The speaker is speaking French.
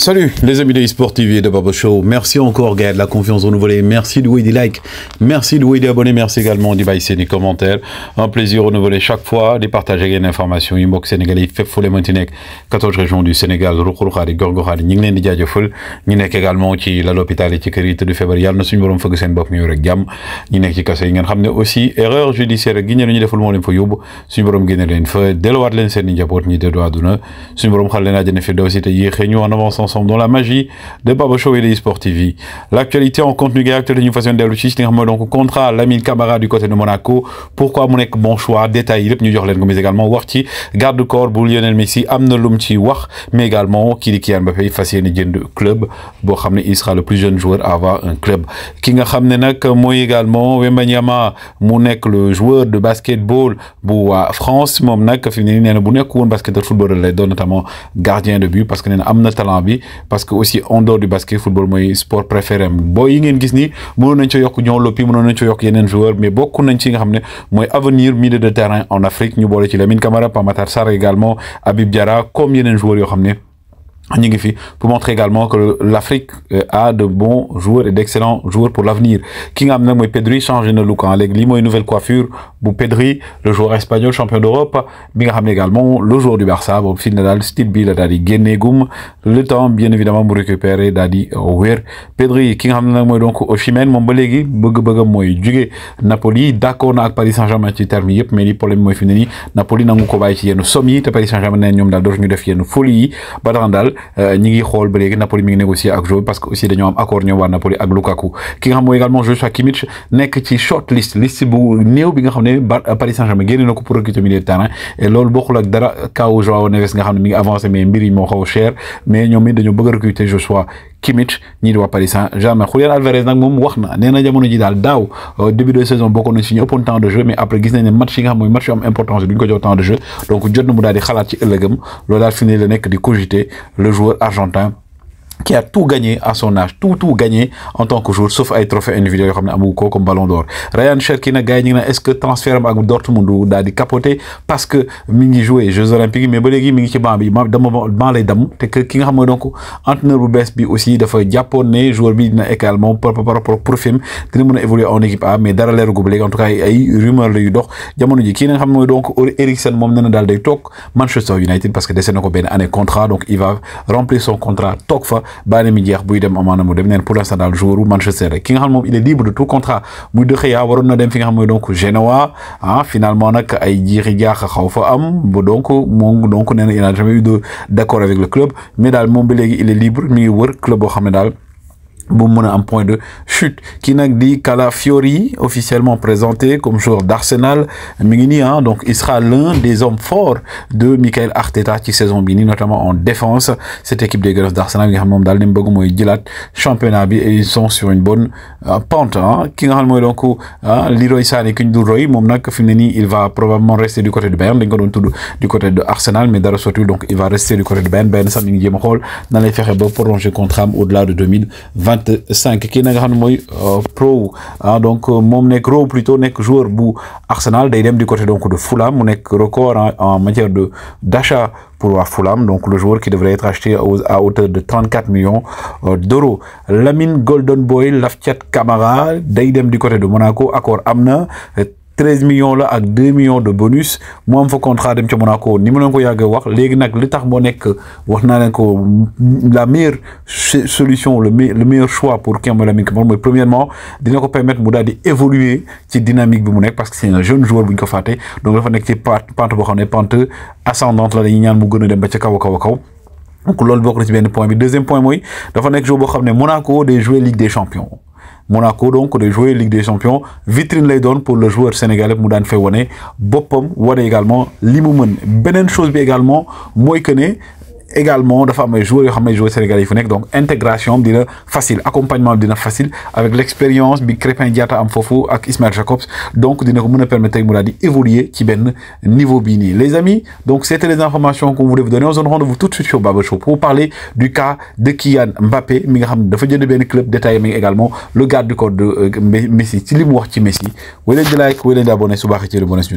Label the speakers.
Speaker 1: Salut les amis de eSport TV et de Babo Show. Merci encore Gaël la confiance renouvelée. Merci de louer des likes. Merci de louer des abonnés. Merci également des bails et des commentaires. Un plaisir renouvelé chaque fois de partager une information. Inbox sénégalais, fait foule et 14 régions du Sénégal. Rukhoukha, de Gorgokha, de Ninglen, de Djadjofoul. Ninek également qui la l'hôpital et qui hérite de février. Nous sommes bonhommes focus en bok mieux gamme. Ninek qui casse ingen ramener aussi. Erreur judiciaire. Guignol, ni de foule mon info youb. Sont bonhommes guignol, info. Dès le ward l'enseigne, n'y a de droit d'honneur. Sont bonhommes khalen à Jennifer Dossi, te y réunion en avance ensemble dans la magie de Pablo Show et de Sport TV. L'actualité en contenu direct de l'innovation de Lucis, donc contrat Lamine Camara du côté de Monaco. Pourquoi Monek bon choix détaillé le New York mais également Warty, garde du corps pour Lionel Messi amna lum ci mais également Kylian Kylian Mbappé facile yéene de club Bo il sera le plus jeune joueur à avoir un club Kinga nga moi également Wembanyama mu le joueur de basketball pour France moom Nak fi mu ne bu nekk basketteur footballeur notamment gardien de but parce que nee na talent parce que aussi en dehors du basket football mooy sport préféré am boo yi ngeen gis non mënoon nañ ca yokk ñoo loppi mënoon nañ ca yok yeneen joueur mais bokku nañ ci nga xamné moy avenir milieu de terrain en Afrique ñu bolé ci Lamine Camara Pamatar Sar également Habib Diarra comme yeneen joueur yo xamné pour montrer également que l'Afrique euh, a de bons joueurs et d'excellents joueurs pour l'avenir. King n'a et Pedri change de look. Hein. L'église, une nouvelle coiffure. Pour Pedri, le joueur espagnol champion d'Europe. Bingham également, le joueur du Barça. Bon, final, style Dadi Guénégoum. Le temps, bien évidemment, pour récupérer Dadi Ower. Pedri, King n'a pas donc Oshimen, mon belégui, Bug Napoli, d'accord, avec Paris Saint-Germain, tu termines, mais les problèmes, moi, fini. Napoli, n'a pas de sommier, Paris Saint-Germain, sommes pas de sommier, de folie, Badrandal. Euh, ñi ngi xol ba léegi Napoli mi ngi négocier ak joueur parce que aussi dañu am accord ñoom waa Napoli ak Lukaku ki nga xam mooy également Joshua Kimmich nek ci short list liste bu néew bi nga xam ne euh, Paris Saint-Germain génne na ko pour recruter milieu de terrain et loolu bokul ak dara kaw Joao Neves nga xam ne mi ngi avancer mais mbir yi moo xaw cher mais ñom it dañoo bëgg recruter Joshua Kimmich ñii di waa Paris Saint-Germain Julián Alvarez nak mom waxna na jamono ji dal daw euh, début de saison bokkoon nañ si ñu ëppoon temps de jeu mais après gis nañ né match yi nga moy match yu am importance duñ ko jox temps de jeu donc jot na mu dal di xalaat ci ëllëgam lo dal fini ne la nekk di cogiter le joueur argentin qui a tout gagné à son âge tout tout gagné en tant que joueur sauf ay trophées individuels yoo xam comme ballon d'or Ryan Cherki n'a gars yi est-ce que transfert avec Dortmund ou di capoter parce que Mingi jouer aux Jeux olympiques mais ba Mingi mi ngi ci banc bi dama ban lay dam te que ki nga xam donc entraîneur bu bees bi aussi dafa jàppoon ne joueur bi dina également par rapport profil dina mën a évoluer en équipe A mais dara leeru ko en tout cas ay y a eu dox jamono ji kii nga xam ne donc Eriksen moom nee na daal day Manchester United parce que dese na ko benn année contrat donc il va remplir son contrat Tokfa baane mi jeex buy dem amana mu dem neen pour l'instant daal joueur Manchester ki nga xam mom il est libre de tout contrat muy De Gea waroon na dem fi nga xam mooy donc Genoa hein finalement nak ay jiixi jaax xaw fa am bu donc moom donc nee il a jamais eu de d'accord avec le club mais dal mom ba léegi il est libre mi ngi wër club boo xam ne bu en point de chute dit qu'à di Calafiori officiellement présenté comme joueur d'Arsenal Mingini, ah, donc il sera l'un des hommes forts de Michael Arteta qui saison Bini, notamment en défense cette équipe des Gunners d'Arsenal qui championnat et ils sont sur une bonne euh, pente qui ah. ki donc ah, Leroy il va probablement rester du côté de Bayern du côté de Arsenal mais dara donc il va rester du côté de Bayern Bayern sax mi a prolonger contrat au-delà de 2020 5 qui nga xamne euh, Pro ah, donc euh, mon plutôt que joueur pour Arsenal day du côté donc de Fulham mon record en matière de d'achat pour la Fulham donc le joueur qui devrait être acheté à hauteur de 34 millions euh, d'euros Lamine Golden Boy Lafiat Camara day du côté de Monaco accord Amna 13 millions là avec 2 millions de bonus moi am faut contrat dem Monaco ni ma leen ko yag wax léegi nak li tax mo nek wax na len ko la meilleure solution le le meilleur choix pour Kemba Lamine Camara premièrement dina ko permettre mu daal évoluer ci dynamique bi mu nek parce que c'est un jeune joueur bu ko faté donc dafa nek ci pente boo xam pente ascendante la dañuy ñaan mu gëna a dem ba ca kaw a kaw kaw. donc lool bokk ci ben point bi deuxième point moy dafa nekk jour boo xamné Monaco des jouer Ligue des Champions. Monaco donc de jouer Ligue des Champions vitrine les donne pour le joueur sénégalais Moudan Féwane, Bopom, wane également li benen chose également moy également de fameux mes joueurs et xam ne joueurs sénégalais yi donc intégration d'une facile accompagnement d'une facile avec l'expérience mais bi Crépin Diatta am foofu Ismaël Jacobs donc dina commune mën a permettre d'évoluer qui évoluer niveau bini les amis donc c'était les informations qu'on voulait vous donner on se rendez-vous tout de suite sur Baba Show pour parler du cas de Kylian Mbappé mi nga de de dafa jënd club détaillé mais également le garde du corps de euh, Messi ci li wax ci Messi vous like vous leen di abonné ci